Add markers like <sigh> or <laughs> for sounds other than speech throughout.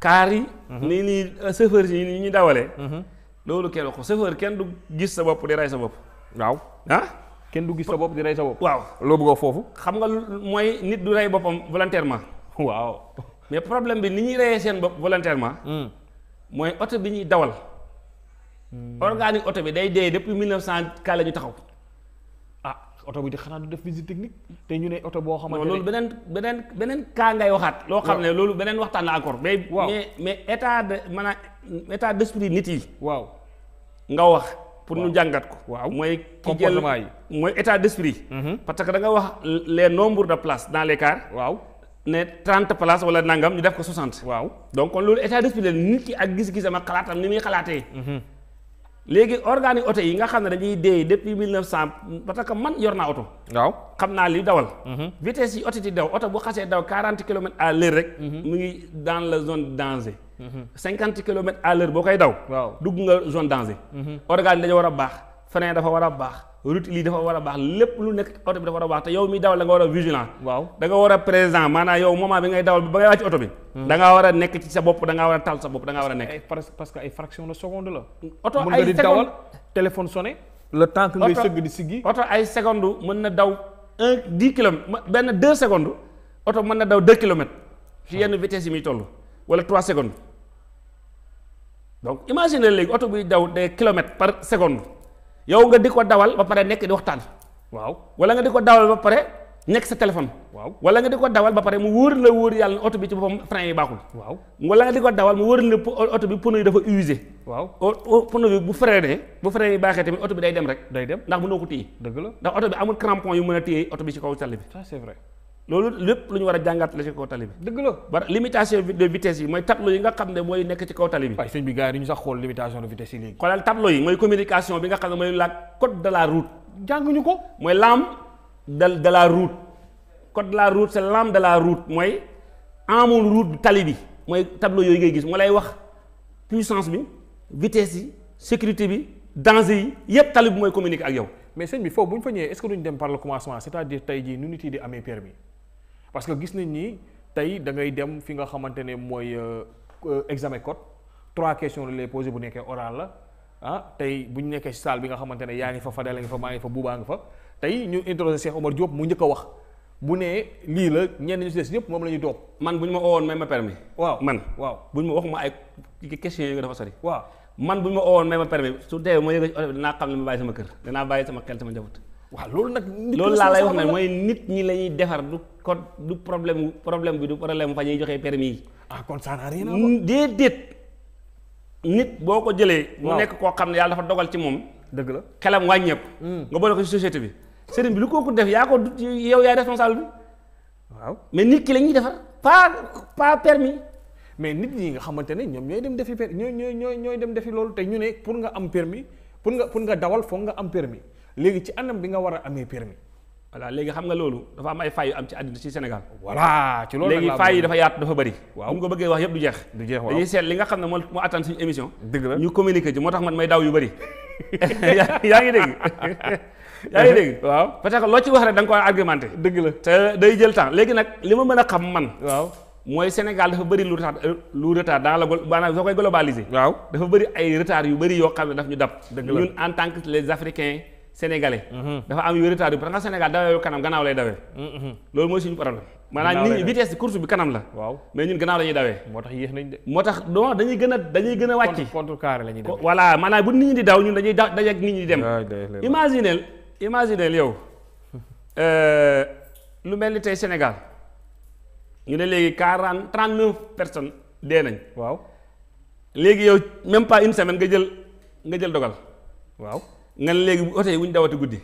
kaar yi mhm. nii nii euh, chauffeur yi nii ñu dawalee mhm. loolu kenn wax ko kenn du gis sa bopp di rey sa bopp waaw ah kenn du gis sa bopp di rey sa bopp waaw loo bëgg foofu xam nga mooy nit du rey boppam volontairement waaw mais problème bi ni ñuy reyee seen bopp volontairement hmm. mooy oto bi ñuy dawal hmm. organique oto bi day dee depuis mille neuf cent ka la ñu taxaw oto bi di xanaa du def visite technique te ñu ne oto boo xamante ne loolu beneen beneen beneen kaa ngay waxaat loo xam ne loolu beneen waxtaan la encore mais waaw mais mais état a maanaam état d'esprit nit yi waaw nga wax pour ñu jàngat ko waaw mooy ki jël mooy état d'esprit mm-hmm. parce que da nga wax les nombres de places dans les cars waaw ne trente places wala nangam ñu def ko soixante waaw donc kon loolu état d'esprit la nit ki ak gis-gisam ak xalaatam ni muy xalaatee mm-hmm. léegi organe oto yi nga xam ne dañuy dee depuis mille neuf cent parce que man yor naa oto. waaw xam naa li dawal. Mhm. vitesse yi oto di daw oto bu xasee daw quarante kilomètres à l'heure rek. Mhm. mu ngi dans la zone danger. Mhm. cinquante kilomètres à l'heure boo koy daw. waaw dugg nga zone danger. organe yi dañoo war a baax. frein dafa war a baax route lii dafa war a baax lépp lu nekk oto bi dafa war a baax te yow miy dawal da nga war a vigilant waaw da nga war a présent maanaam yow moment bi ngay dawal ba ngay wàcc oto bi hmm. da ngaa war a nekk ci sa bopp da ngaa war a tal sa bopp da ngaa war a nekk parce que ay fraction de seconde la oto ay seconde dawal téléphone sonné le temps que ngay sëgg di siggi oto ay seconde mën na daw un dix kilomètres benn deux secondes oto mën na daw deux kilomètres ci hmm. yenn vitesse yi muy toll wala trois secondes donc imagine léegi oto buy daw des kilomètres par seconde yow nga di ko dawal ba pare nekk di waxtaan waaw wala nga di ko dawal ba pare nekk sa téléphone waaw wala nga di ko dawal ba pare mu wóor la wóor yàlla oto bi ci boppam frein yi baaxul waaw wala nga di ko dawal mu wóor la oto bi pneu yi dafa usé waaw pneu bi bu freiné bu frein yi baaxee tamit oto bi day dem rek day dem ndax mënoo ko téye dëgg la ndax oto bi amul crampon yu mën a téye auto bi ci kaw tali bi ça c'est loolu lépp lu ñu war a jàngat la ci kaw tali bi. dëgg la ba limitation de vitesse yi mooy tableau yi nga xam ne mooy nekk ci kaw tali bi. waaye ñu sax mooy communication bi nga xam ne mooy la code de la route. jànguñu ko. mooy lampe de de la route. code de la route c'est lampe de la route mooy amul route tali bi mooy tableau yooyu ngay gis moo lay wax puissance bi vitesse yi sécurité bi danger yi yépp tali bi mooy communiquer ak yow. mais sëñ bi foofu bu ñu fa parce que gis nañ ni tey da ngay dem fi nga xamante ne mooy euh, euh, examen code trois questions la lay posé bu nekkee oral la ah tey bu ñu nekkee si salle bi nga xamante ne yaa ngi fa Fadel a ngi fa maa ngi fa Buuba a ngi fa tey ñu interrogé Cheikh Omar Diop mu njëkk a wax bu nee lii la ñenn ñu si des moom la ñuy toog. man bu ñu ma oo woon may ma permis waaw man waaw bu ñu ma wax ma ay questions yi nga dafa sori. waaw man bu ñu ma oo may ma permis su dee ma a dinaa xam ne waaw loolu nag. loolu laa lay nag mooy nit ñi lañuy defar du code du problème problème bi du problème fa ñuy joxee permis yi. ah kon ça n'a rien à voir déedéet nit boo ko jëlee. mu nekk koo xam ne yàlla dafa dogal ci moom. dëgg la xelam wàññeeku. Hmm. nga boole ko ci société bi. sëriñ bi lu kooku def yaa ko yow yaay responsable bi. waaw mais nit ki la ñuy defar pas pas permis. mais nit ñi nga xamante ne ñoom ñooy dem defi per ñooy ñooy ñooy dem defi loolu te ñu ne pour nga am permis pour nga pour nga dawal foog nga am permis léegi ci anam bi nga war a amee permis voilà léegi xam nga loolu dafa am ay fay yu am ci àddina ci Sénégal voilà ci loolu léegi fay yi dafa yaat dafa bari waaw bu ñu ko bëggee wax yëpp du jeex du jeex waaw dañuy seet xam ne moo moo attan suñu émission dëgg la ñu communiqué ci moo tax man may daw yu <laughs> yaa ngi dégg yaa ngi dégg waaw parce que loo ci wax rek da nga ko argumenté dëgg la te day jël temps léegi nag li ma mën a xam man waaw mooy Sénégal dafa bëri lu retard lu retard dans la maanaam soo koy globaliser waaw dafa bëri ay retard yu bëri yoo xam ne daf ñu dab ñun en tant les Africains sénégalais. Mhm. dafa am yu retard yu parce que Sénégal dawee kanam gannaaw lay dawee. Mhm. loolu mooy suñu problème. maanaam ni vitesse course bi kanam la. waaw mais ñun gannaaw la ñuy dawee. moo tax yéex nañ moo tax non dañuy gën a dañuy gën a wàcc. contre carré la ñuy def voilà maanaam bu nit ñi di daw ñun dañuy da dajeeg nit ñi di dem. imagineel imagineel yow <laughs> euh, lu mel ni tey Sénégal ñu ne léegi quarante trente neuf personnes dee nañ. waaw léegi yow même pas une semaine nga jël nga jël dogal nga ne léegi oto yi wuñ dawati guddi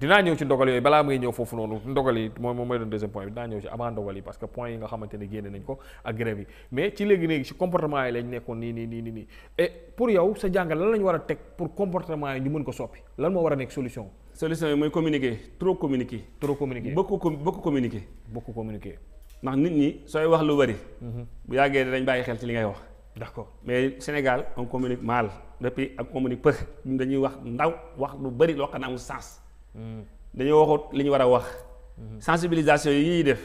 dinaa ñëw ci ndogal yooyu balaa may ñëw foofu noonu ndogal yi moom mooy doon deuxième point bi dinaa ñëw ci avant ndogal yi parce que point yi nga xamante ne génne nañ ko ak grève yi mais ci léegi léegi ci comportement yi lañ nekkoon nii nii nii pour yow sa jàngal lan la war a teg pour comportement yi ñu mën ko soppi lan moo war a nekk solution. solution yi mooy communiquer trop communiquer. trop communiquer beaucoup com beaucoup communiquer. beaucoup communiquer. ndax nit ñi sooy wax lu bari. Mhm. bu yàggee dañ bàyyi xel ci li ngay wax. d'accord mais Sénégal on communique mal depuis ak communique peu dañuy wax ndaw wax lu bëri loo xam ne amul sens. Hmm. dañoo waxut li ñu war a wax. Hmm. sensibilisation yi ñuy def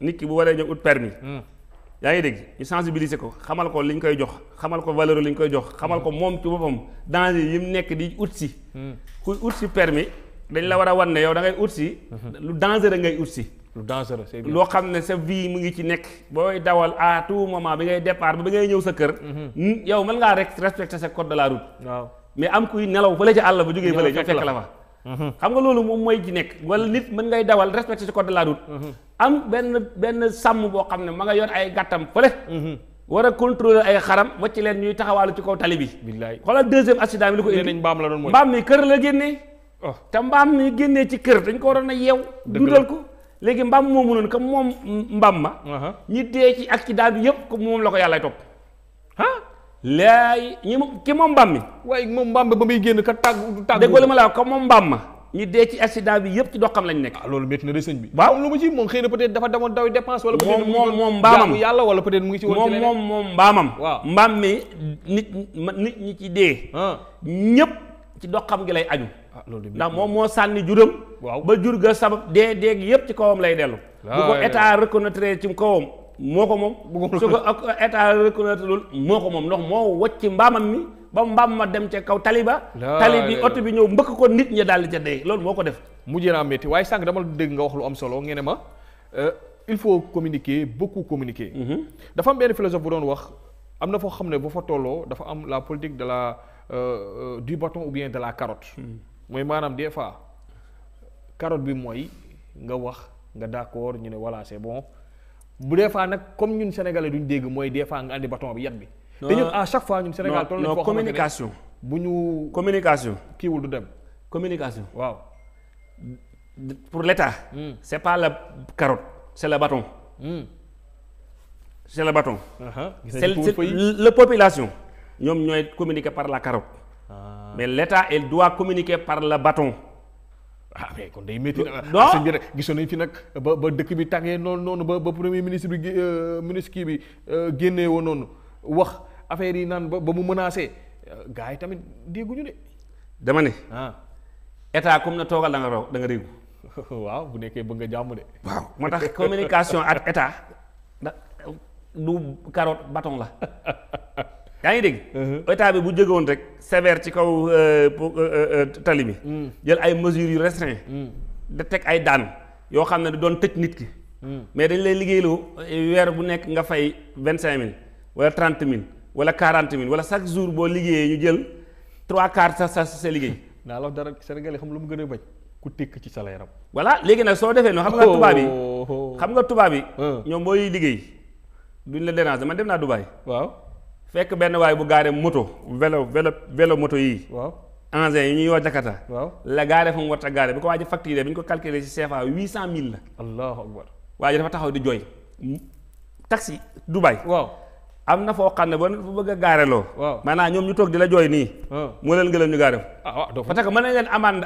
nit ki bu waree ñëw ut permis hmm. yaa ngi dégg ñu sensibiliser ko xamal ko li ñu koy jox xamal ko valeur li ñu koy jox xamal ko moom ci boppam danger yi mu nekk di ut si. kuy ut si permis dañ la war a wan ne yow da ngay ut si. lu danger da ngay ut si. lu dangereux c'est loo xam ne sa vie mu ngi ci nekk booy dawal à tout moment bi ngay départ ba bi ngay ñëw sa kër. Mhm. Hmm, yow mën ngaa rek respecter sa code la route. waaw mais am kuy nelaw fële ca àll ba jógee fële ñu fekk la fa. Mhm. xam nga loolu moom mooy ci nekk wala nit mën ngay dawal respecter sa code mhm. am benn benn sàmm boo xam ne ma nga yor ay gàttam fële. war a contrôler ay xaram wacc leen ñuy taxawaalu ci kaw tali bi. billaay xoolal deuxième accident bi li ko indi mbaam la doon mooy mi kër la génnee. Oh. te mbaam mi ko waroon a yeew. dëgg léegi mbaam moomu noonu comme moom mbaam ma uh-huh. ñi dee ci ak ci daal bi yëpp comme moom la ko yàllay topp ah laay ñi ki moom mbaam mi waaye moom mbaam ba muy génn ka tàgg tàgg déggoo li ma la comme moom ma ñi dee ci accident bi yëpp ci xam lañ nekk ah, loolu métti na de sëñ bi waaw lu mu ci moom xëy na peut-être dafa demoon daw dépense moom moom moom mbaamam ngi ci woon moom moom mbaamam waaw mbaam mi nit nit ñi ci dee ah. ñëpp ci doxam gi lay aju ah, ndax moom moo sànni juram waaw ba jur ga sabab dee déeg yépp ci kawam lay dellu bu ko état reconnaître ci kawam moo ko moom su ko ak état reconnaître lul moo ko moom ndox moo wacc mbaamam mi ba mbaam ma dem ca kaw taliba tali bi oto bi ñëw mbëkk ko nit ñi daal di ca dee loolu moo ko def mujjee naa métti waaye sànq dama la dégg nga wax lu am solo ngeen ne ma euh, il faut communiquer beaucoup communiquer mhm. dafa am benn philosophe bu doon wax am na foo xam ne bu fa tolloo dafa am la politique de Euh, euh, du baton ou bien de la carotte. Hmm. mooy maanaam des fois carotte bi mooy nga wax nga d'accord ñu ne voilà bon bu des fois nag comme ñun sénégalais duñ dégg mooy des fois nga andi bâton bi yat bi. te ñun à chaque fois ñun Sénégal. toll nañu communication. bu ñu communication. kiiwul du dem. communication waaw. pour l'État. Mm. c'est pas la carotte c'est le bâton. Mm. c'est le bâton. Uh-huh. c'est la population. ñoom ñooy communiquer par la carotte. Ah. mais l' état doit communiquer par le bâton. ah mais kon day métti. non ah, sëñ gisoon nañ fi nag ba ba dëkk bi tàngee noonu noonu ba ba premier ministre bi euh, ministre kii bi euh, génnee noonu wax affaire yi naan ba ba mu menacé euh, gars yi tamit dégguñu de. dama ne. Ah. comme na toogal da nga <laughs> waaw bu nekkee bëgg nga jàmm de. waaw moo tax communication ak état <laughs> du carotte bâton la. <laughs> yaa ngi dégg. Uh-huh. état bi bu jógewoon rek sévère ci kaw euh, euh, euh, tali bi. Mm. jël ay mesures yu restreint mm. da teg ay daan yoo xam ne du doon tëj nit ki. Mm. mais dañ lay liggéeyloo eh, weer bu nekk nga fay vingt cinq mille wala trente mille wala quarante mille wala chaque jour boo liggéeyee ñu jël trois quarts sa sa sa liggéey. naa la dara Sénégalais xam lu mu gën a bañ ku tik ci salaire am. voilà léegi nag soo defee noonu. xam nga tubaab yi oh. xam nga tubaab yi. Uh. ñoom booy liggéey duñ la déranger man dem naa Dubaay waaw. fekk benn waay bu gaare moto vélo vélo vélo moto yii. waaw engins yi ñuy wax Jakarta. waaw la gaare fa mu war a gaare bi ko waa ji facturé bi ñu ko calculé ci CFA huit cent mille la. allahu akbar waa ji dafa taxaw di jooy. taxi Dubai. waaw. am na foo xam ne ba fa bëgg a gaareloo ñoom ñu toog di la jooy nii moo leen gëlal ñu gaare ah,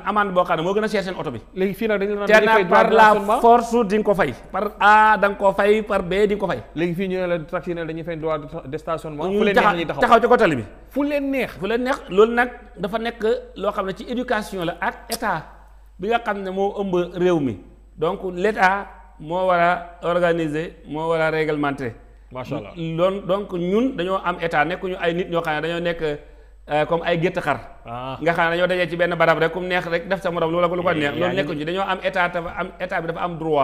amande boo xam ne moo gën a cher seen oto bi léegi fii nag dañu la te nag par la force di ko fay par A da nga ko fay par B di ko fay léegi fii ñu ne la taxi ne dañuy fay droit de stationnement fu leen neex neex fu leen neex loolu dafa nekk loo xam ne ci éducation la ak état bi nga xam ne moo ëmb réew mi donc l' état moo war a organiser moo war a réglementer macha allah loon donc ñun dañoo am état nekkuñu ay nit ñoo xam ne dañoo nekk euh, comme ay gétt xar ah. nga xam ne dañoo dajee ci benn barab rek ku mu neex rek def sa morom loola lu ko eh, neex loolu nekkuñu ci dañoo am état dafa am état bi dafa am muy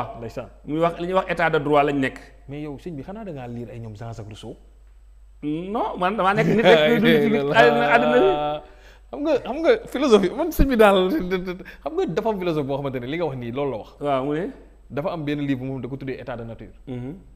wax li ñuy wax état de droit lañ nekk mais yow sëñ bi xanaa da ngaa liir ay ñoom Jean-Jacques Rousseau non man damaa nekk nit <laughs> xam nga xam nga philosophie man sëñ bi daal xam nga dafa am philosophie boo xamante ne li nga wax nii loolu la wax waaw mu ne dafa am benn livre moom da ko tuddee état de nature mm-hmm.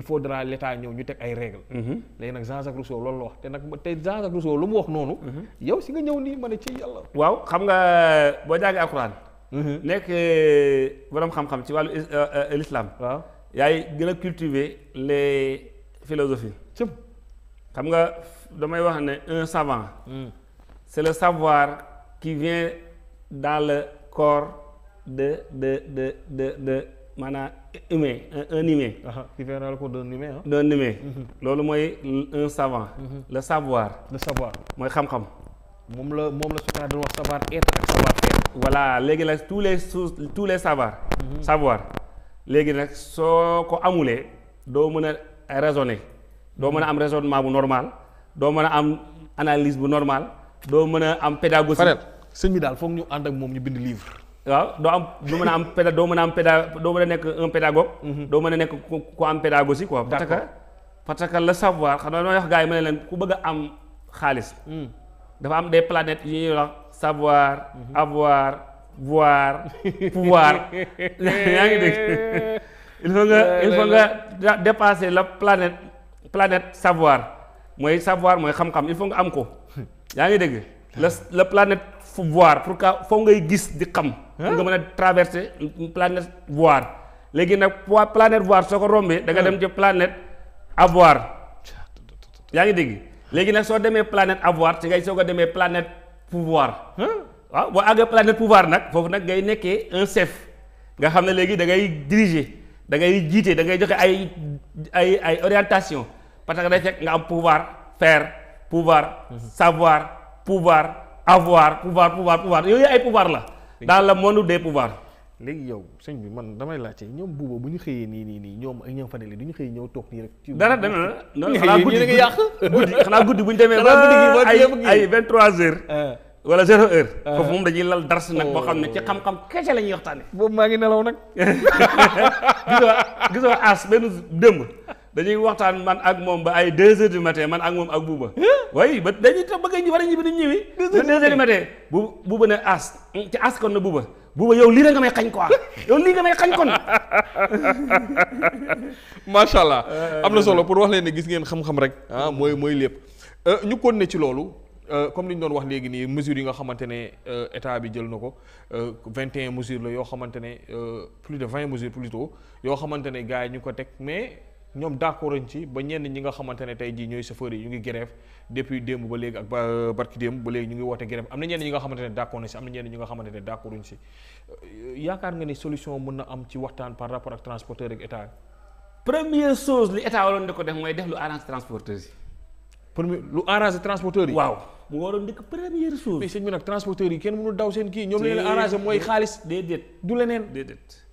il faudra l'état ñëw ñu teg ay règles. Mhm. léegi nag Jean-Jacques Rousseau loolu la wax te nag te Jean-Jacques Rousseau lu mu wax noonu. Mhm. yow si nga ñëw nii ma ne ci yàlla. waaw xam nga boo jàngee alxuraan. Mhm. nekk euh, borom xam-xam ci wàllu euh, euh, l'islam. gën a cultiver les philosophies. xam nga damay wax ne un savant. c'est le savoir qui vient dans le corps de de de de. maanaam humain un humain. différent mhm. loolu mooy un savant. Mhm. le savoir. le savoir mooy xam-xam. moom la moom la Socrate doon wax savoir être ak savoir faire. voilà léegi nag tous les sous tous les savoirs. Mhm. savoir léegi nag soo ko amulee doo mën a raisonner. doo mën a am raisonnement bu normal doo mën a am analyse bu normal doo mën a am pédagogie. sëñ daal foog ñu ànd ak moom ñu bind livre. waaw doo am doo mën a am péda doo mën a am péda doo nekk un pédagogue. Mhm. doo mën a nekk ku am pédagogie quoi. parce que parce que le savoir xam nga li may wax gars yi ma ne leen ku bëgg am xaalis. Hmm. dafa am des planètes yu ñuy wax savoir. Mhm. avoir voir pouvoir. <laughs> yaa ngi dégg il faut nga il faut nga dépasser la planète planète savoir mooy savoir mooy xam-xam il faut nga am ko <laughs> yaa ngi dégg. la la planète voir pour que foo ngay gis di xam. pour nga mën a traverser planète voir léegi nag planète voir soo ko rombee da dem ci planète avoir yaa ngi dégg léegi nag soo demee planète avoir ci ngay soo ko demee planète pouvoir waaw boo àggee planète pouvoir nag foofu nag ngay nekkee un chef nga xam ne léegi da ngay diriger da ngay jiite da ngay joxe ay ay ay orientation parce que day fekk nga am pouvoir faire pouvoir savoir pouvoir avoir pouvoir pouvoir pouvoir yooyu ay pouvoir la dans le monde des pouvoirs. léegi yow suñ bi man damay laajte ñoom buuba bu ñu xëyee nii nii nii ñoom ak ñëw fa ne du ñu xëyee ñëw toog nii rek. dara dana la non <laughs> xanaa guddi gi yàq <laughs> guddi xanaa guddi demee ba ay ay vingt trois heures. Ah. wala zéro heure. Ah. moom dañuy lal dars nag boo oh. xam ne ci xam-xam kese la ñuy waxtaanee. boobu maa ngi nelaw nag. <laughs> gisoo gisoo as benn démb. dañuy waxtaan man ak moom ba ay deux heures du matin man ak moom ak buuba waayi ba dañuy ta bëgg war a ñibbi dañ ñëwi ba deux heures du matin bu buuba ne as ci as kon na buuba buuba yow lii la nga may xañ quoi yow lii nga may xañ kon <laughs> macha allah am na solo pour wax leen ne gis ngeen xam-xam rek ah mooy mooy lépp euh, ñu kon ne ci loolu euh, comme li ñu doon wax léegi nii mesures yi nga xamante ne euh, état bi jël na ko vingt et un mesures la yoo xamante ne plus de vingt mesures plutôt yoo xamante ne gars yi ñu ko teg mais ñoom d'accord ci ba ñenn ñi nga xamante ne tey jii ñooy chauffeurs yi ñu ngi grève depuis démb ba léegi ak ba barki démb ba léegi ñu ngi woote grève am na ñenn ñi nga xamante ne d'accord nañ si am na ñenn ñi euh, yaakaar nga ni solution mun na am ci waxtaan par rapport ak transporteur ak état première chose li état waroon di ko def mooy def lu arrange transporteurs yi. premier lu arrange transporteurs yi. waaw mu waroon di ko première chose. mais sëñ bi nag transporteurs yi kenn mënu daw seen kii. ñoom leen arrangé mooy xaalis. déedéet du leneen déedéet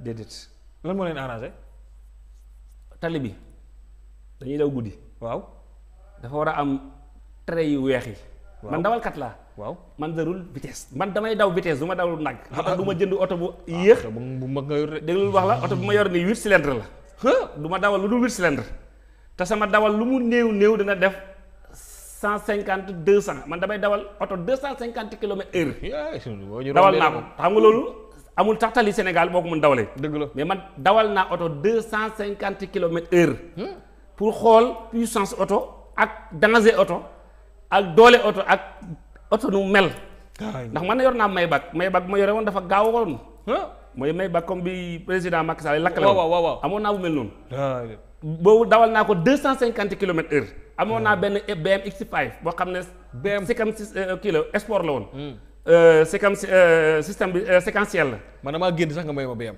déedéet. lan moo leen tali bi dañuy daw guddi waaw dafa war a am trait yu weex yi man dawalkat laa waaw man derul vitesse man damay daw vitesse du ma dawul nag moo tax du ma jënd oto bu <laughs> ah, yéex bu mag nga wax la oto bu ma yor nii huit cylindre la du ma dawal lu dul huit cylindre te sama dawal lu mu néew néew dina def cent cinquante deux cent man damay dawal oto deux cent cinquante kilomètres heure dawal naa ko xam nga loolu amul sax tali Sénégal moo ko mun dawalee. dëgg la mais man dawal naa oto deux cent cinquante kilomètres heure. Hmm. pour xool puissance oto ak danger oto ak doole oto ak oto nu mel. ndax man na yor naa may Maybach Maybach ma yore woon dafa gaaw woon. mooy Maybach comme bi président Macky Sall lakk la woon amoon naa bu mel noonu. boobu dawal naa ko deux cent cinquante kilomètres heure. amoon naa hmm. benn BMX 5 boo xam ne. BM euh, kilo sport la woon. Hmm. Euh, séquence euh, système bi euh, séquentiel la. man damaa gént sax nga may ma ba yem.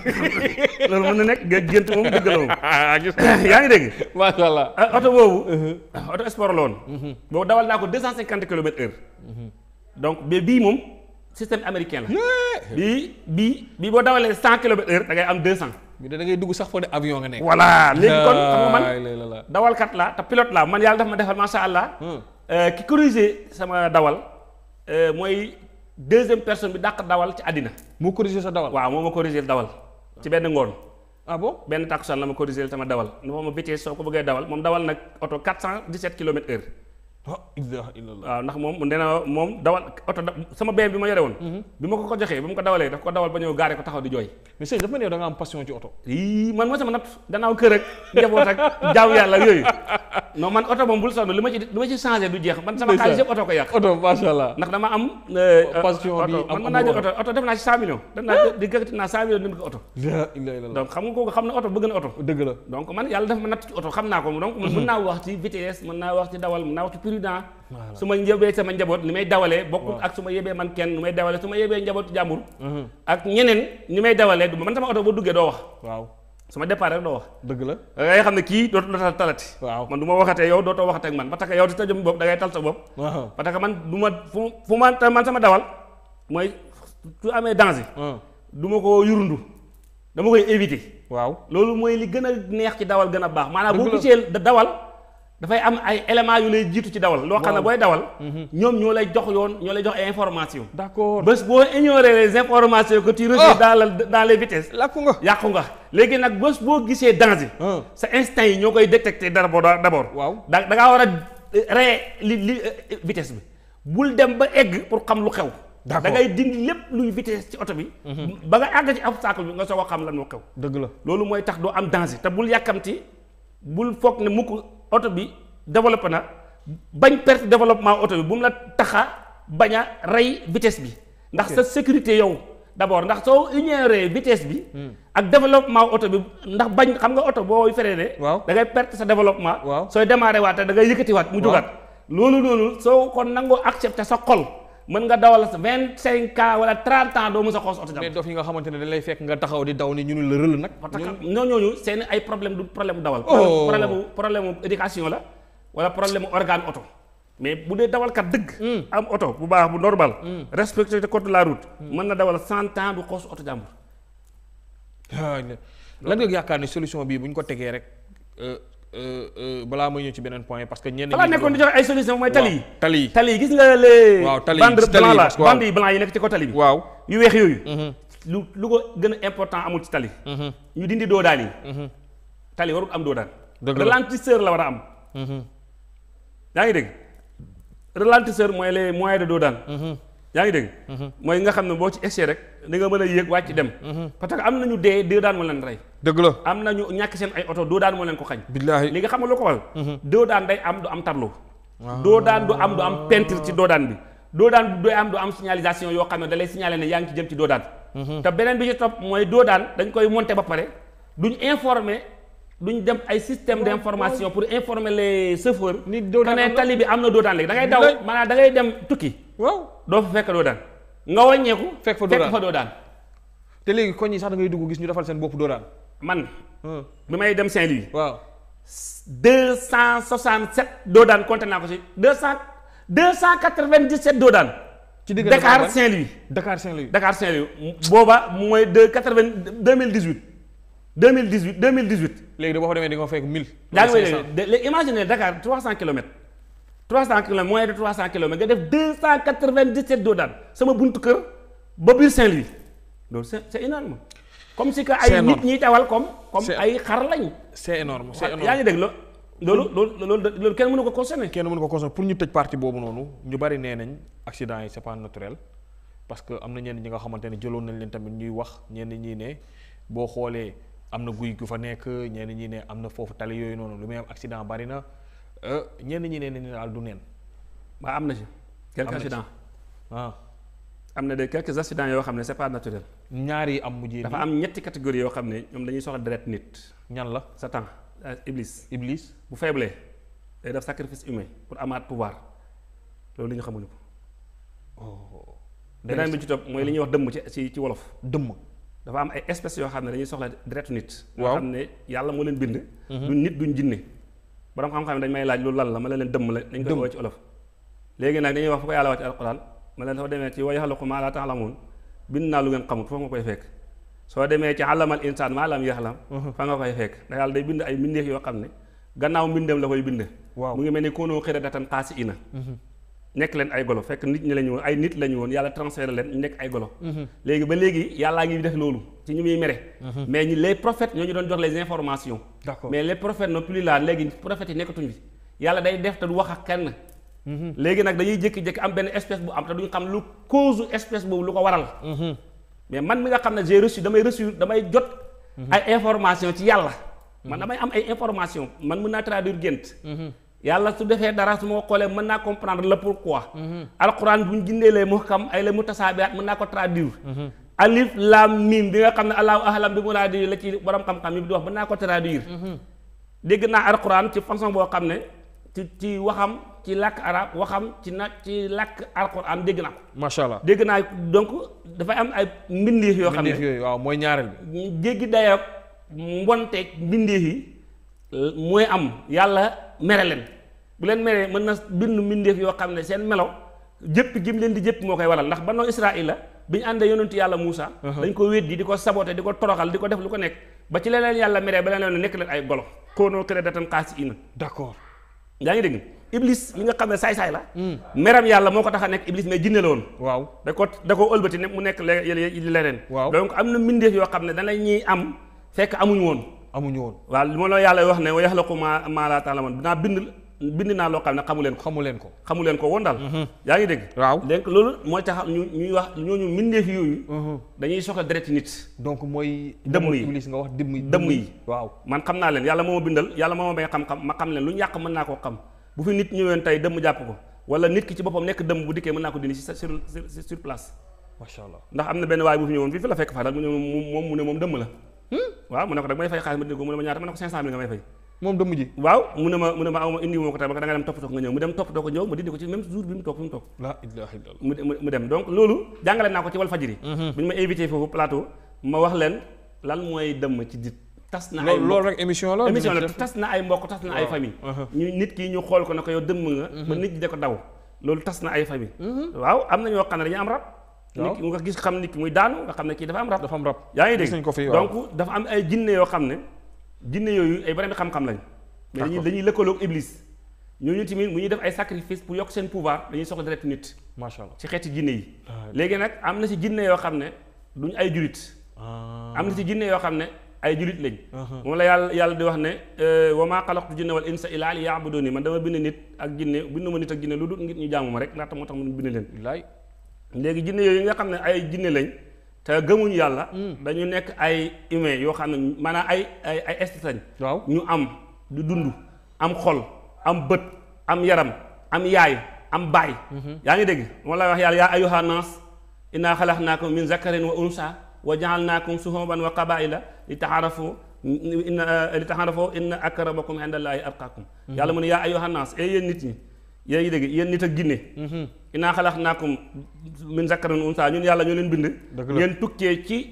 <laughs> loolu mën na nekk nga gént moom dëgg la moom. <laughs> Ah, ah, yaa ngi dégg. macha ah, <laughs> uh-huh. mm-hmm. dawal naa ko deux cent cinquante kilomètres heure. Mm-hmm. donc mais bii moom système américain la. bii bii boo dawalee cent kilomètres heure da ngay am deux cent. bi da ngay dugg sax foo ne avion nga nekk. voilà léegi kon xam dawalkat laa te pilote laa man yàlla dafa ma defal macha allah. Hmm. ki corrigé sama dawal. Euh, mooy deuxième personne bi dàq dawal ci àddina. mu corrigé sa dawal. waaw moo ma corrigé dawal. ci benn ngoon. ah bon benn son la ma corrigé sama dawal. ne ma ma soo ko bëggee dawal moom dawal nag oto 417 kilomètres heure. Ah, waaw ndax moom nee na moom dawal oto sama benn bi ma yore woon mhm. bi ma ko ko joxee bi ma ko dawalee daf ko dawal ba ñëw gaare ko taxaw di jooy mais sëñ dafa mel ni yow da nga am passion ci oto i man mooy sama natt gannaaw kër ak njaboot ak jaamu yàlla yooyu non man oto moom bul sonn li ma ci li ma ci changé du jeex man sama xaalis yëpp oto ko yàq oto macha allah ndax dama am euh, euh, passion bi man mën naa jël oto oto def naa ci cent millions def naa di gëkkati naa cent millions dund ko oto donc xam nga kooku xam na oto bëgg na oto dëgg la donc man yàlla daf ma natt ci oto xam naa ko donc man mën mhm. naa wax ci vitesse mën naa wax ci dawal mën naa wax ci prudent su ma yebee sama njaboot ni may dawalee bokkut ak su ma yebee man kenn nu may dawalee su ma yebee njaboot jàmbur mhm. ak ñeneen ni may dawalee du man sama oto boo duggee doo wax su ma départ doo wax dëgg la da ngay xam ne kii dootu dootal talati man du ma waxatee yow dootoo waxatee ak man parce que yow ti tajum bopp da ngay tal sa bopp parce que man du ma fu fu ma man sama dawal mooy su amee danger du ko yurundu dama koy éviter waaw loolu mooy li gën a neex ci a dafay am ay éléments yu lay jiitu ci dawal. loo xam ne booy dawal. Mhm. ñoom ñoo lay jox yoon ñoo lay jox ay informations. d' accord bés boo ignorer les informations que tu reçois oh! dans la dans les vitesses. lakku nga yàqu léegi nag bés boo gisee danger. Ah. sa instinct ñoo koy détecter d' abord d' abord. waaw da da ngaa war a eh, rey li li eh, vitesse bi bul dem ba egg pour xam lu xew. da ngay dindi lépp luy vitesse ci oto bi. Mhm. ba nga àgg ci obstacle bi nga soog a xam lan moo xew. dëgg la loolu mooy tax doo am danger te bul yàkkamti bul foog ne mukk oto bi développé na bañ perte développement auto bi bu mu la taxa bañ a rey vitesse bi ndax sa sécurité yow d'abord ndax soo ignoré vitesse bi hmm. ak développement oto bi ndax bañ xam nga oto boo freiné da dangay perte sa développement sooy démarré waat da ngay yëkkati waat mu jógaat loolu loolu soo ko nangoo accepté sa xol mën nga dawal vingt cinq ans wala trente ans doo mës a xoos oto mais dof yi nga xamante ne dañ lay fekk nga taxaw di daw ni ñu la rël nag. seen ay problème du problème dawal. Oh. problème mu problème mu éducation la wala problème organe oto. mais bu dee dawalkat dëgg. Hmm. am oto bu baax bu normal. Hmm. respecté code de la route. Hmm. mën na dawal cent ans du xoos oto jàmbur. lan nga yaakaar ni solution bii bu ñu ko tegee rek. Euh, Euh, euh, balaa may ñëw ci beneen point parce que ñenn ñi. nekkoon di joxe ay tali tali yi gis nga les. waaw tali yi bande yi blanc yi nekk ci ko tali bi. waaw yu weex yooyu. Mhm. lu lu ko gën a important amul ci tali. Mhm. ñu dindi doo yi. Mhm. tali warul am doo daal. la ralentisseur la war a am. yaa ngi dégg ralentisseur mooy les moyens de doo yaa ngi dégg mhm. mooy nga xam ne boo ci essayé rek da nga mën a yéeg wàcc dem mhm. parce que am nañu dee doo daan moo leen rey dëgg la am nañu ñàkk seen ay oto doo daan moo leen ko xañ li nga xam nga lu ko wal mhm. doo daan day am du am signalisation yoo xam ne da lay signalé ne yaa ngi ci jëm ci doo daan te beneen bi ci topp mooy doo daan dañ koy monté ba pare duñ informé duñ dem ay système d' information pour informer les chauffeurs. ni doo daan tali bi na doo da ngay daw maanaam da ngay dem waaw doo fa fekk doo daan. nga wàññeeku. fekk fa doo daan fekk daan. te léegi koñ yi sax da ngay dugg gis ñu defal seen bopp doo daan. man. Hmm. bi may dem Saint-Louis. waaw deux cent soixante sept doo daan compté naa ko si deux cent deux cent quatre vingt doo daan. ci diggante Dakar Saint-Louis. Dakar saint booba mooy deux quatre deux mille dix huit. deux mille dix huit deux mille boo fa demee di nga fekk mille. daa ngi lay léegi imagine Dakar trois cent kilomètres. 300 kilomètres moins de 300 kilomètres nga def 297 doodaan sama buntu kër ba biir Saint-Louis loolu c'est c'est énorme comme si que ay nit ñiy tawal comme comme ay xar lañ. c'est énorme c'est énorme yaa ngi dégg hmm. loolu loolu loolu loolu kenn mënu ko concerner. kenn mënu ko concerner pour ñu tëj parti boobu noonu ñu bari nee nañ accident yi c'est pas naturel parce que am na ñenn ñi nga xamante ne jëloon nañ leen tamit ñuy wax ñenn ñi ne boo xoolee am na guy gu fa nekk ñenn ñi ne am na foofu tali yooyu noonu lu muy am accident bari na. Euh, ñenn ñi ne ne daal du neen. waaw am na si quelques accidents waaw. Ah. am na de quelques accidents yoo xam ne c'est pas naturel. ñaar yi am mujj dafa am ñetti catégorie yoo xam ne ñoom dañuy soxla deret nit. ñan la satan euh, iblis. iblis bu faible day def sacrifice humain pour amaat pouvoir loolu li ñu xamuñu ko. Oh. beneen bi ci topp mooy li ñuy wax dëmm ci ci wolof. dëmm dafa am ay espèces yoo xam ne dañuy soxla deretu nit. waaw yàlla moo leen bind. duñ mhm. nit duñ borom xam-xam dañ may laaj lu lan la ma la leen dëmm la dañ koy woo ci olof léegi nag dañuy wax fu ko yàlla wax ci alquran ma leen soo demee ci wa yaxluqu maa laa taxlamuun bind naa lu ngeen xamut foofu nga koy fekk soo demee ci alamal insaan maa lam yaxlam fa nga koy fekk da yàlla day bind ay mbindeef yoo xam ne gannaaw mbindeem la koy bind mu ngi mel ni koonoo xirdatatan xaasi ina nekk leen ay golo fekk nit ñi lañu woon ay nit lañu woon yàlla transféré leen ñu nekk ay golo mhm. léegi ba léegi yàllaa ngi def loolu ci ñu muy mere mhm. mais les prophètes ñoo ñu doon jox les informations mais les prophètes non plus là léegi prophètes yi nekkatuñ bi yàlla day def te du wax ak kenn mhm. léegi nag dañuy jékki-jékki am benn espèce bu am te duñu xam lu cause espèce boobu lu ko waral mais man mi nga xam ne j'ai damay reçu damay jot ay information yàlla su defee dara su ma xoolee mën naa comprendre le pourquoi. alquran bu jindee gindee lay xam ay la mutasaabihaat mën naa ko traduire. alif laam miim bi nga xam ne allahu ahlam bi mu laa di la ci borom xam-xam yi di wax mën naa ko traduire. dégg naa alquran ci façon boo xam ne ci ci waxam ci làkk arab waxam ci na ci làkk alquran dégg naa ko. dégg naa donc dafay am ay mbindeef yoo. xam ne mbindeef yooyu waaw mooy ñaareel bi. jéggi dayoog mbonteeg mbindeef yi mooy am yàlla mere bu leen meree mën na bind mbindeef yoo xam ne seen melo jëpp gi mu leen di jëpp moo koy waral ndax banoo Israil la bi ñu àndee yonentu yàlla Moussa. Uh-huh. dañ ko weddi di ko saboté di ko toroxal di ko def lu ko nekk ba ci leneen yàlla meree ba leneen nekk leen ay golo koonoo crédatan xaasi ina d'accord yaa ngi dégg iblis mi nga xam ne saay-saay la hmm. meram yàlla moo ko tax a nekk iblis mais jinne la woon waaw da ko da ko ëlbati ne mu nekk leneen waaw donc am na mbindeef yoo xam ne danañ ñuy am fekk amuñu woon amuñu woon waaw moo bind naa loo xam ne xamu leen ko xamu leen ko xamu leen ko woon daal mhm. yaa ngi dégg waaw donc loolu mooy tax ñu ñuy wax ñooñu mbindeef yooyu mhm. dañuy soxla deret nit donc mooy dëmm yi nga wax dëmm yi dëmm yi waaw man xam naa leen yàlla moo ma bindal yàlla moo ma may xam-xam ma xam leen lu ñu yàq mën naa koo xam bu fi nit ñëween tey dëmm jàpp ko wala nit ki ci boppam nekk dëmm bu dikkee mën naa ko dindi si sur sur place macha allah ndax am na benn waay bu fi ñëwoon moom dëmm ji waaw mu ne ma mu ne ma awma indi moo ko tabax da nga dem toppatoo ko nga ñëw mu dem toppatoo ko ñëw mu dindi ko ci même jour bi mu toog fi mu la ilaha illallah mu mu dem donc loolu jàngale naa ko ci Walfadjri mhm. bu ñu ma invité foofu plateau ma wax leen lan mooy dëmm ci dit tas na ay loolu rek la émission la tas na ay mbokk tas na ay famille uh-huh. ñu nit ki ñu xool ko ne ko yow dëmm nga mhm. ba nit ñi da ko daw loolu tas na ay famille mhm. waaw am na ñoo xam ne dañu am rab nit ki nga gis xam nit ki muy daanu nga xam ne kii dafa am rab dafa am yoo xam ne jinne yooyu ay borom xam-xam lañ. mais dañuy dañuy lëkkaloog iblis. ñooñu tamit mu ñuy def ay sacrifice pour yokk seen pouvoir dañuy soxla deret nit. macha ci xeeti jinne yi. Ah, léegi nag am na si jinne yoo xam ne ñu ay julit. Ah. am na ci jinne yoo xam ne ay julit lañ. Uh-huh. moom yàlla yàlla di wax ne. Euh, wa maa xalaqtu jinne wal insa illaa liya'buduuni man dama bind nit ak jinne bindu ma nit ak jinne lu dul ngir ñu jaamu ma rek ndaxte moo tax mu bind leen. léegi jinne yooyu nga xam ne ay jinne lañ te gëmuñu yàlla. Hmm. dañu nekk ay humain yoo xam ne maanaam ay ay ay estis waaw ñu am du dund am xol am bët am yaram am yaay am baay. Hmm. yaa ngi dégg moom lay wax yàlla yaa ayyuha naas innaa xalaqnaakum min zakarin wa unsa wa jaalnaakum suhuban wa qabaila li taxaarafu inna li taxaarafu inna akramakum inda allaahi atqaakum. Hmm. yàlla mu ne yaa ayyuha naas ay eh yéen nit ñi. yéen a ngi dégg yéen nit ak ginne mhm. inaa xalax naakum min zakkarin unsaa ñun yàlla ñoo leen bind ngeen tukkee ci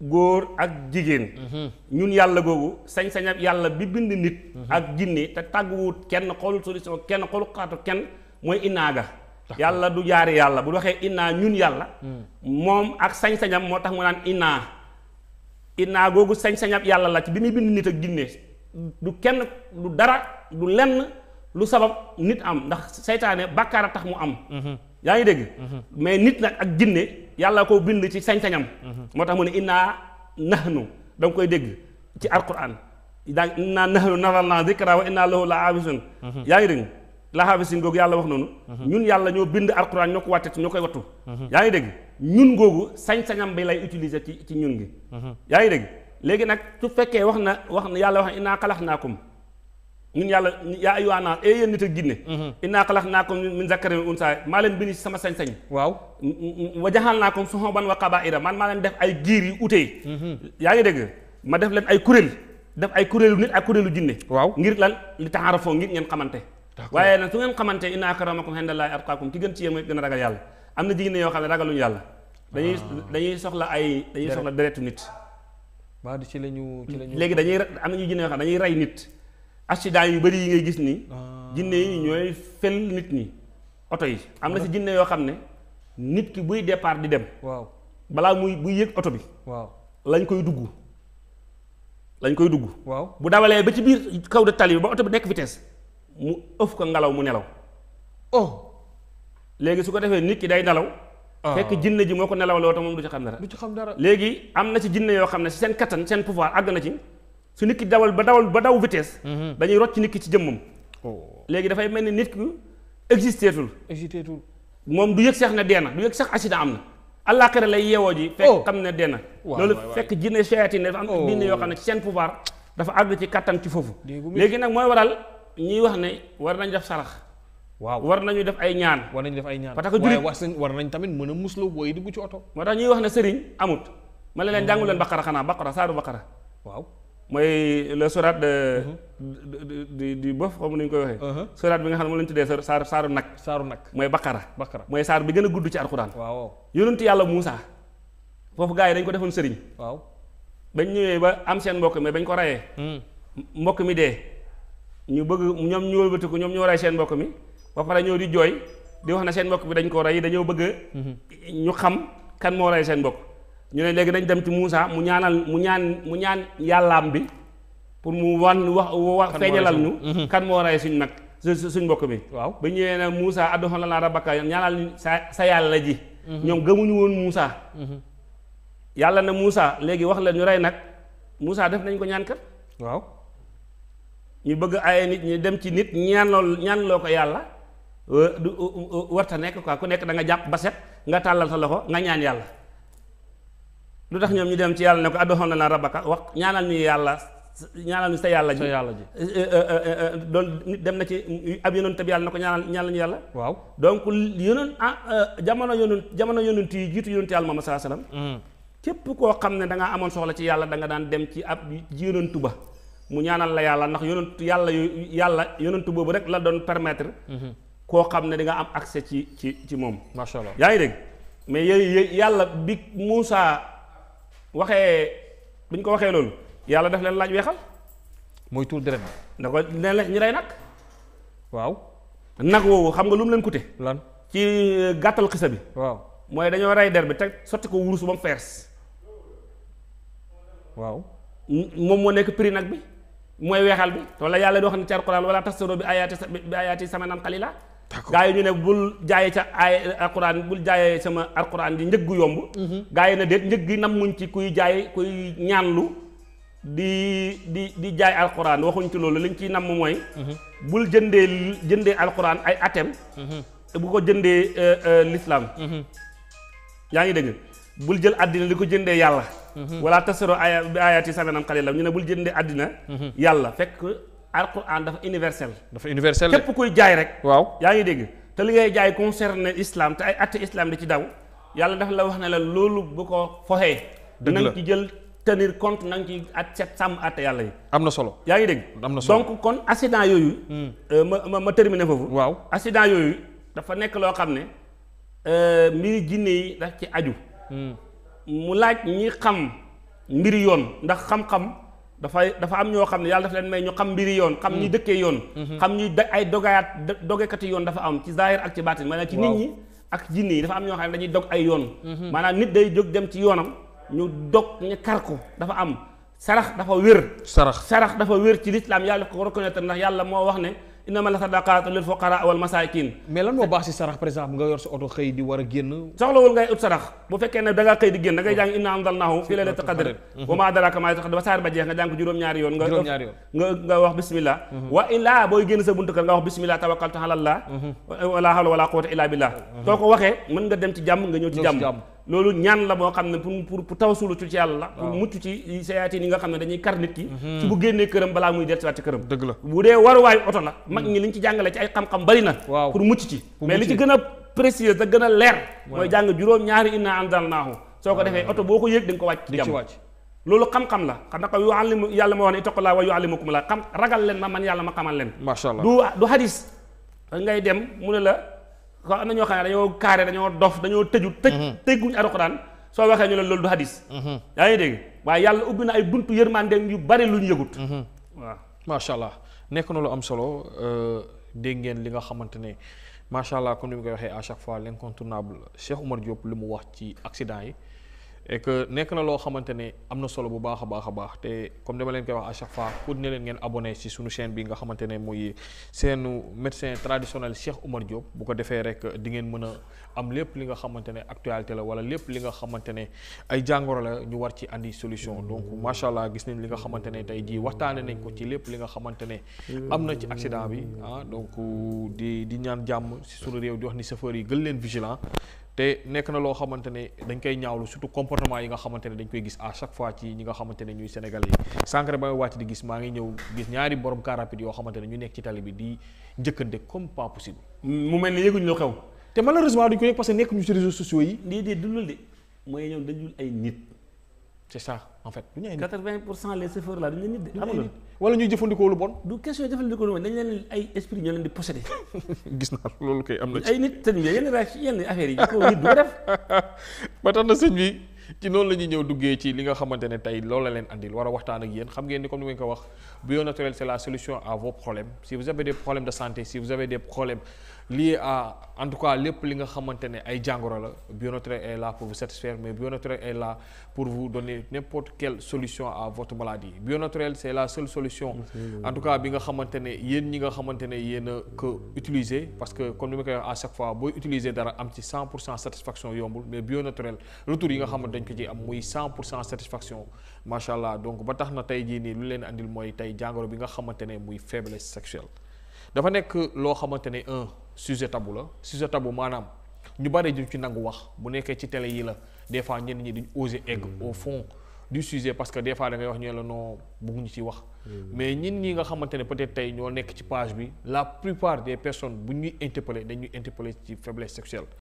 góor ak jigéen mhm. ñun yàlla googu sañ-sañab yàlla bi bind nit mhm. ak ginne te tàgguwut kenn xoolul solution kenn xoolu xaatu kenn mooy inaa ga yàlla du jaari yàlla bu waxee inaa ñun yàlla moom ak sañ-sañam moo tax mu naan inaa inaa googu sañ-sañab yàlla la ci bi muy bind nit ak ginne du kenn du dara du lenn lu sabab nit am ndax seytaane bàkkaar a tax mu am yaa ngi dégg mais nit nag ak jinne yàlla ko bind ci sañ-sañam moo tax mu ne innaa nahnu da nga koy dégg ci alquran daa innaa nahnu naral naa zikra wa innaa lahu la haafisun yaa ngi dégg la haafisun googu yàlla wax noonu ñun yàlla ñoo bind alquran ñoo ko wàtte ci ñoo koy wattu yaa ngi dégg ñun googu sañ-sañam bi lay utiliser ci ci ñun gi yaa ngi dégg léegi nag su fekkee wax na wax na yàlla wax na ñun yàlla yaa ayyuhan naas e eh yéen nit ak ginne mhm. innaa xalaqnaakum min zakarin wa unsaa maa leen bini sama sañ-sañ waaw wa jaxalnaakum shuuban wa qabaa'ila man maa leen def ay giir yu utee mhm. yaa ngi dégg ma def leen ay kuréel def ay kuréelu nit ak kuréelu jinne waaw ngir lan li taxaarafoo ngir ngeen xamante waaye nag su ngeen xamante inna akramakum indallaahi atqaakum ki gën ci yéen mooy gën a ragal yàlla am na jigéen yoo xam ne ragaluñu yàlla ah. dañuy dañuy soxla ay dañuy soxla deretu nit waa ci lañu ci lañu léegi dañuy am na ñu jinne yoo xam ne dañuy rey nit accident yu bari yi ngay gis ni ah. jinne yi ñooy fel nit ñi oto yi. am na si jinne yoo xam ne nit ki buy départ di dem. waaw balaa muy buy yëg oto bi. waaw lañ koy dugg lañ koy dugg. waaw bu dawalee ba ci biir kaw de tali bi ba oto bi nekk vitesse mu ëf ko ngelaw mu nelaw. oh léegi su ko defee nit ki day nelaw. Ah. fekk jinne ji moo ko nelawal oto moom du ci xam dara. du ci xam dara léegi am na ci jinne yoo xam ne seen kattan seen pouvoir àgg na ci. su nikki dawal ba dawal ba daw vitesse. Mhm. dañuy rocc nit ki ci jëmmam. Oh. léegi dafay mel ni nit ku existeetul. existeetul moom du yëg sax ne dee na du yëg sax accident am na. àllaaxira lay yeewoo ji. fekk oh. xam ne dee na. loolu fekk jinne seytaane dafa am oh. jinne yoo xam ne seen pouvoir dafa àgg ci kàttan ci foofu. léegi nag mooy waral ñuy wax ne war nañ def sarax. waaw war nañu def ay ñaan. war nañu def ay ñaan parce que jullit waaye war nañ tamit mën a muslu oto. moo tax ñuy wax ne sëriñ amut. ma ne leen mm. jàngu leen baqara xanaa baqara saaru baqara waaw mooy le soraat de. du du bëf xam nañu koy waxee. Uh-huh. soraat bi nga xam ne moom la ñu tuddee sa saar saaru nag. saaru nag mooy Bakara. Bakara mooy saar bi gën a gudd ci alxuraan. waaw yonent yàlla Moussa foofu yi dañ ko defoon sëriñ. waaw bañ ñëwee ba am seen mbokk mi bañ ko rayee. Hmm. mbokk mi dee ñu bëgg ñoom ñu wëlbatiku ñoom ñoo rey mbokk mi ba pare ñëw di jooy di wax na seen mbokk bi dañ ko rey dañoo bëgg. Hmm. ñu xam kan moo rey seen mbokk. ñu ne léegi dañ dem ci Moussa mu ñaanal mu ñaan mu ñaan yàllaam bi pour mu wan wax wax feeñalal ñu mhm. kan moo rey suñ nag suñ mbokk bi waaw ba ñëwee ne Moussa addoxon la laa rabaka ñaanal sa sa yàlla ji mhm. ñoom gëmuñu woon Moussa mhm. yàlla na Moussa léegi wax la ñu rey nag Moussa def nañ ko ñaan kat waaw ñu bëgg ay nit ñu dem ci nit ñaanloo ñaanloo ko yàlla du warta nekk quoi ku nekk da nga jàpp ba set nga tàllal sa loxo nga ñaan yàlla lu tax ñoom ñu dem ci yàlla ne ko addoxoon na la rabaka wax ñaanal ñu yàlla sa yàlla ji eh, eh, eh, doon dem na ci ab yonent bi yàlla na ko ñaanal ñaanal ñu yàlla waaw donc yonent ah jamono yonent jamono yonent yi jiitu yonent yàlla Muhammad sallallahu alayhi wasallam mm. képp koo xam ne danga amoon soxla ci yàlla danga daan dem ci ab yonent ba mu ñaanal la yàlla ndax yonent yàlla yu yàlla yonent boobu rek la doon permettre mm-hmm. koo xam ne da am accès ci ci ci moom yaa ngi dégg mais yooyu yàlla waxe bi ko waxee loolu yàlla def leen laaj weexal. mooy tuur deret bi. da ko nee na ñu rey nag. waaw. nag woowu xam nga lu mu leen coûté. lan ci euh, gàttal xisa bi. waaw mooy dañoo rey der bi teg sotti ko wurus ba mu fees. waaw. moom moo nekk prix nag bi mooy weexal bi wala yàlla doo xam ne ci alquran wala tastaru bi ayaati bi ayaati samanan qalila gaa yi ñu ne bul jaayee ca ay alquran bul jaayee sama alquran di njëggu yomb mhm. gaa yi ne déet njëg gi nam muñ ci kuy jaay kuy ñaanlu di di di jaay alquran waxuñ ci loolu liñ ciy nam mooy mhm. bul jëndee jëndee alquran ay atem mhm. bu ko jëndee euh, euh, l'islam yaa ngi dégg bul jël àddina li ko jëndee yàlla wala tasaro ay bi ayaati samanan xalilam ñu ne bul jëndee àddina yàlla fekk alquran dafa universel. dafa universel képp kuy jaay rek. waaw yaa ngi dégg te li ngay jaay concerné islam te ay atte islam di ci daw yàlla dafa la wax ne la loolu bu ko foxee. dëgg la ci jël tenir compte na ci at set sàmm atte yàlla yi. am na solo yaa ngi dégg. am na solo kon accident yooyu. Hmm. Euh, ma ma ma terminé foofu. waaw accident yooyu dafa nekk loo xam ne euh, mbiri jinne yi daf ci aju. Hmm. mu laaj ñi xam mbiri yoon ndax xam-xam. dafay dafa am ñoo xam ne yàlla dafa leen may ñu xam mbiri yoon xam ñuy mm. dëkkee yoon mm-hmm. xam ñuy ay dogayaat dogekati yoon dafa am ci zaahir ak ci baatin maanaam ci nit ñi ak jinne yi dafa am ñoo xam ne dañuy dog ay yoon mm-hmm. maanaam nit day jóg dem ci yoonam ñu dog ñu kar ko dafa am sarax dafa wér sarax sarax dafa wér ci lislaam yàlla ko reconnaître ndax yàlla moo wax ne innama la sadaqaatu lil fuqara wal masaakin mais lan moo baax si sarax par exemple nga yor sa oto xëy di war a génn soxlawul ngay ut sarax bu fekkee ne da xëy di génn da ngay jàng inna anzalnahu fi laylatil qadr wa ma adraka ma ba saar ba jeex nga jàng ko juróom-ñaari yoon nga nga wax bismillah mhm. wa illaa booy génn sa buntu kër nga wax bismillah tawakkaltu ala allah mhm. wala hawla wala quwwata illa billah mhm. soo ko waxee mën nga loolu ñaan la boo xam ne pour pour tawasulu ci yàlla la pour mucc ci sayaatiin yi nga xam ne dañuy kar nit ki ci mhm. bu génnee këram balaa muy dellusiwaat ci këram bu dee waruwaayu oto la mag mhm. ñi liñ ci jàngale ci ay xam-xam bari pour mucc ci mais li ci gën a précieuse da gën a leer mooy jàng juróom ñaari inna anzalnaahu soo ko defee oto boo ko yëg di ko wàcc ci jàmm loolu xam-xam la xam naka yu allimu yàlla ma wax ne ittaqullah wa yuallimukum la xam ragal leen ma man ma xamal ko am na ñoo xam ne dañoo carré dañoo dof dañoo tëju tëj mhm. tëgguñu alxuraan soo waxee ñu la loolu du hadis mhm. yaa ngi dégg waaye yàlla ubbi na ay buntu yërmande yu bari lu ñu yëgut mhm. waaw macha allah nekk na lu am solo euh, dégg ngeen li nga xamante ne macha allah comme ni mu koy waxee à chaque fois l'incontournable Cheikh Oumar Diop li mu wax ci accident yi et que nekk na loo xamante ne am na solo bu baax a baax a baax te comme dama leen koy wax à chaque fois pour ne leen ngeen abonné ci suñu chaîne bi nga xamante ne muy seenu médecin traditionnel Cheikh Oumar Diop bu ko defee rek di ngeen mën a am lépp li nga xamante ne actualité la wala lépp li nga xamante ne ay jàngoro la ñu war ci andi solution donc macha allah gis nañ li nga xamante ne tey jii waxtaane nañ ko ci lépp li nga xamante ne am na ci accident bi ah donc di di ñaan jàmm ci suñu réew di wax ni chauffeur yi gën leen vigilant te nekk na loo xamante dañ koy ñaawlu surtout comportement yi nga xamante dañ koy gis à chaque fois ci ñi nga xamante ñuy sénégalais yi sànq ba may wàcc di gis maa ngi ñëw gis ñaari borom car yoo xamante ñu nekk ci tali bi di njëkkante comme pas possible. mu mel ni yëguñu lu xew. te malheureusement duñ ko yëg parce que ci réseaux sociaux yi. lii de dundul de mooy ñoom dañul ay nit. c'est ça en fait. du ñu ay nit 80 pour cent ñuy jëfandikoo lu bon. du question jëfandikoo lu bon dañu leen ay esprit ñoo leen di possédé. <laughs> gis naa loolu kay am na ci. ay nit sëñ bi yenn yenn affaires yi ko nit du def. <laughs> ba tax na sëñ bi. ci noonu la ñëw duggee ci li nga xamante ne tey leen andil war a waxtaan ak yéen xam ngeen ni comme ni ma la solution à nga xamante ay jàngoro la bio naturel là pour vous satisfaire mais bio naturel là pour vous donner n'importe quelle solution à votre maladie bio c'est la seule solution en tout cas bi nga xamante ne ñi nga xamante ne yéen a ko utiliser parce que comme ni ma koy wax booy utiliser dara am ci satisfaction yombul mais dañ ko am muy 100 pour cent satisfaction macha allah donc ba tax na tey jii nii lu leen andil mooy tey jàngoro bi nga xamante ne muy faiblesse sexuelle. dafa nekk loo xamante ne un sujet tabou la sujet tabou maanaam ñu bari duñ ci nag wax bu nekkee ci télé yi la des fois ñenn ñi duñ oser egg mm. au fond. du sujet parce que des fois da ngay wax ñu la non bëgguñu ci wax. Mm. mais ñin ñi nga xamante ne peut-être tey ñoo nekk ci page bi la plupart des personnes bu ñuy interpeller dañuy interpeller ci faiblesse sexuelle.